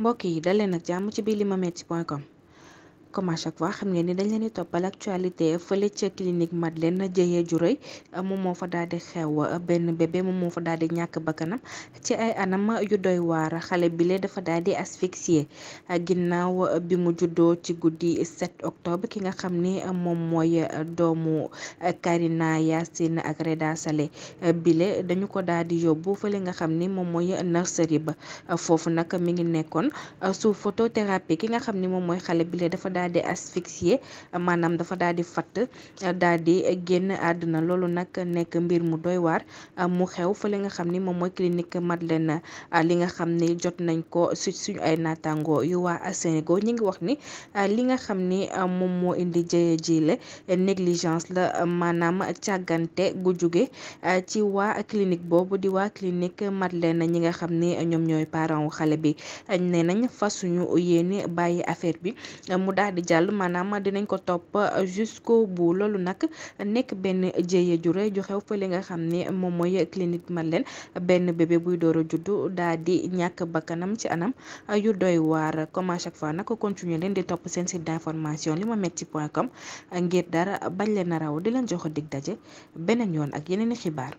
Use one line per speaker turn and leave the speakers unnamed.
mbokk yi dal leen ci jàmm ci biir limametti point com comme à chaque fois xam ngeen ni dañ leen di toppal actualité fële ca clinique Madeleine jëyee ju rëy moom moo fa daal di xew benn bébé moom moo fa daal di ñàkk bakkanam ci ay anam yu doy waar xale bile dafa daal di asphyxié ginnaaw bi mu juddoo ci guddi 7 octobre ki nga xam ni moom mooy doomu Karina Yacine ak Reda Saleh bile dañu ko daal di yóbbu fële nga xam ni moom mooy nurserie ba foofu nag mi ngi nekkoon su photothérapie ki nga xam ni moom mooy xale bile dafa daal daal di maanaam dafa daal di fatt daal di génn àdduna loolu nag nekk mbir mu doy waar mu xew fële nga xam ni moom mooy clinique Madeleine li nga xam ni jot nañ ko su suñu ay naataango yu waa Sénégal ñu ngi wax ni li nga xam ni moom moo indi jëye ji la négligence la maanaam càggante gu jóge ci waa clinique boobu di waa clinique na ñi nga xam ni ñoom ñooy parent wu xale bi nee nañ fasuñu yéeni bàyyi affaire bi mu daal daal di jàll maanaam dinañ ko topp euh, jusqu'au bu loolu nag nekk benn jéye ju rëy ju xew fële nga xam ne moom mooy clinique leen benn bébé buy door a juddu daal di ñàkk bakkanam ci anam euh, yu doy waar comme à chaque fois nag continuer leen di topp seen site d'information limametti.com ngir dara bañ leen a raw di leen jox dig daje beneen yoon ak yeneen i xibaar.